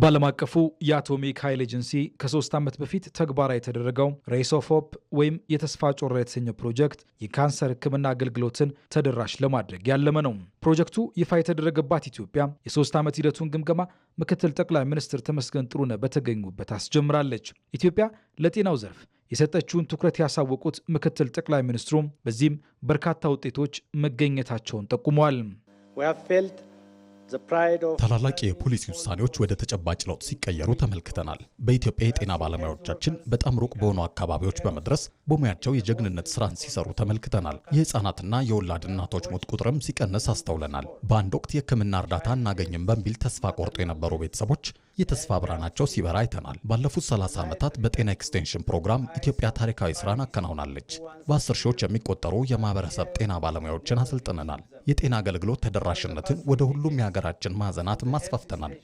በዓለም አቀፉ የአቶሚክ ኃይል ኤጀንሲ ከሶስት ዓመት በፊት ተግባራዊ የተደረገው ሬስ ኦፍ ሆፕ ወይም የተስፋ ጮራ የተሰኘ ፕሮጀክት የካንሰር ሕክምና አገልግሎትን ተደራሽ ለማድረግ ያለመ ነው። ፕሮጀክቱ ይፋ የተደረገባት ኢትዮጵያ የሶስት ዓመት ሂደቱን ግምገማ ምክትል ጠቅላይ ሚኒስትር ተመስገን ጥሩነህ በተገኙበት አስጀምራለች። ኢትዮጵያ ለጤናው ዘርፍ የሰጠችውን ትኩረት ያሳወቁት ምክትል ጠቅላይ ሚኒስትሩም በዚህም በርካታ ውጤቶች መገኘታቸውን ጠቁመዋል። ታላላቅ የፖሊሲ ውሳኔዎች ወደ ተጨባጭ ለውጥ ሲቀየሩ ተመልክተናል። በኢትዮጵያ የጤና ባለሙያዎቻችን በጣም ሩቅ በሆኑ አካባቢዎች በመድረስ በሙያቸው የጀግንነት ስራን ሲሰሩ ተመልክተናል። የህፃናትና የወላድ እናቶች ሞት ቁጥርም ሲቀንስ አስተውለናል። በአንድ ወቅት የህክምና እርዳታ አናገኝም በሚል ተስፋ ቆርጦ የነበሩ ቤተሰቦች የተስፋ ብርሃናቸው ሲበራ አይተናል። ባለፉት 30 ዓመታት በጤና ኤክስቴንሽን ፕሮግራም ኢትዮጵያ ታሪካዊ ስራን አከናውናለች። በአስር ሺዎች የሚቆጠሩ የማህበረሰብ ጤና ባለሙያዎችን አሰልጥነናል። የጤና አገልግሎት ተደራሽነትን ወደ ሁሉም የሀገራችን ማዕዘናት ማስፋፍተናል።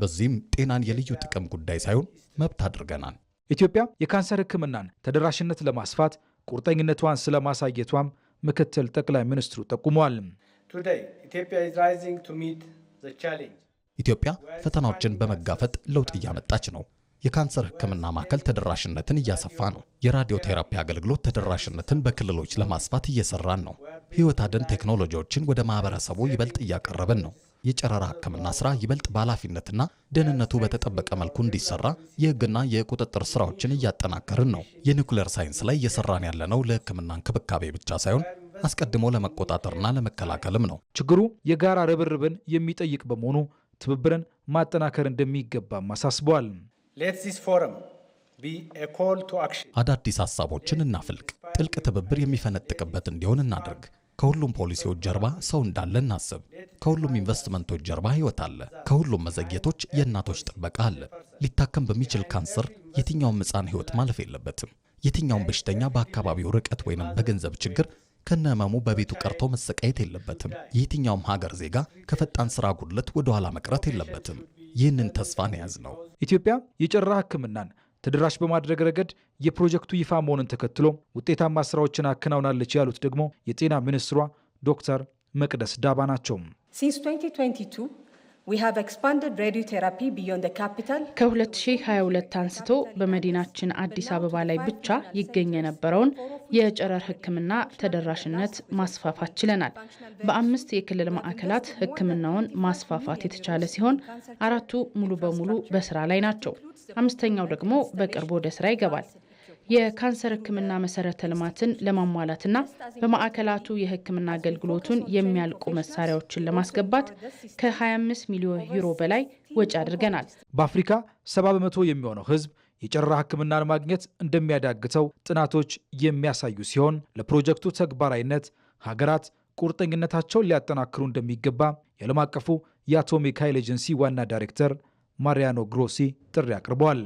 በዚህም ጤናን የልዩ ጥቅም ጉዳይ ሳይሆን መብት አድርገናል። ኢትዮጵያ የካንሰር ሕክምናን ተደራሽነት ለማስፋት ቁርጠኝነቷን ስለማሳየቷም ምክትል ጠቅላይ ሚኒስትሩ ጠቁመዋል። ኢትዮጵያ ፈተናዎችን በመጋፈጥ ለውጥ እያመጣች ነው። የካንሰር ሕክምና ማዕከል ተደራሽነትን እያሰፋ ነው። የራዲዮ ቴራፒ አገልግሎት ተደራሽነትን በክልሎች ለማስፋት እየሰራን ነው። ሕይወት አድን ቴክኖሎጂዎችን ወደ ማህበረሰቡ ይበልጥ እያቀረብን ነው። የጨረራ ሕክምና ስራ ይበልጥ በኃላፊነትና ደህንነቱ በተጠበቀ መልኩ እንዲሰራ የህግና የቁጥጥር ስራዎችን እያጠናከርን ነው። የኒውክሌር ሳይንስ ላይ እየሰራን ያለነው ለሕክምና እንክብካቤ ብቻ ሳይሆን አስቀድሞ ለመቆጣጠርና ለመከላከልም ነው። ችግሩ የጋራ ርብርብን የሚጠይቅ በመሆኑ ትብብርን ማጠናከር እንደሚገባም አሳስበዋል። አዳዲስ ሀሳቦችን እናፍልቅ፣ ጥልቅ ትብብር የሚፈነጥቅበት እንዲሆን እናድርግ። ከሁሉም ፖሊሲዎች ጀርባ ሰው እንዳለ እናስብ። ከሁሉም ኢንቨስትመንቶች ጀርባ ሕይወት አለ። ከሁሉም መዘግየቶች የእናቶች ጥበቃ አለ። ሊታከም በሚችል ካንሰር የትኛውም ሕፃን ሕይወት ማለፍ የለበትም። የትኛውም በሽተኛ በአካባቢው ርቀት ወይንም በገንዘብ ችግር ከነህመሙ በቤቱ ቀርቶ መሰቃየት የለበትም። የየትኛውም ሀገር ዜጋ ከፈጣን ስራ ጉድለት ወደ ኋላ መቅረት የለበትም። ይህንን ተስፋን የያዝ ነው። ኢትዮጵያ የጨራ ህክምናን ተደራሽ በማድረግ ረገድ የፕሮጀክቱ ይፋ መሆኑን ተከትሎ ውጤታማ ስራዎችን አከናውናለች ያሉት ደግሞ የጤና ሚኒስትሯ ዶክተር መቅደስ ዳባ ናቸው። ከ2022 አንስቶ በመዲናችን አዲስ አበባ ላይ ብቻ ይገኝ የነበረውን የጨረር ሕክምና ተደራሽነት ማስፋፋት ችለናል። በአምስት የክልል ማዕከላት ሕክምናውን ማስፋፋት የተቻለ ሲሆን አራቱ ሙሉ በሙሉ በስራ ላይ ናቸው። አምስተኛው ደግሞ በቅርቡ ወደ ስራ ይገባል። የካንሰር ህክምና መሰረተ ልማትን ለማሟላትና በማዕከላቱ የህክምና አገልግሎቱን የሚያልቁ መሳሪያዎችን ለማስገባት ከ25 ሚሊዮን ዩሮ በላይ ወጪ አድርገናል። በአፍሪካ 70 በመቶ የሚሆነው ህዝብ የጨረራ ህክምናን ማግኘት እንደሚያዳግተው ጥናቶች የሚያሳዩ ሲሆን ለፕሮጀክቱ ተግባራዊነት ሀገራት ቁርጠኝነታቸውን ሊያጠናክሩ እንደሚገባ የዓለም አቀፉ የአቶሚክ ኃይል ኤጀንሲ ዋና ዳይሬክተር ማሪያኖ ግሮሲ ጥሪ አቅርበዋል።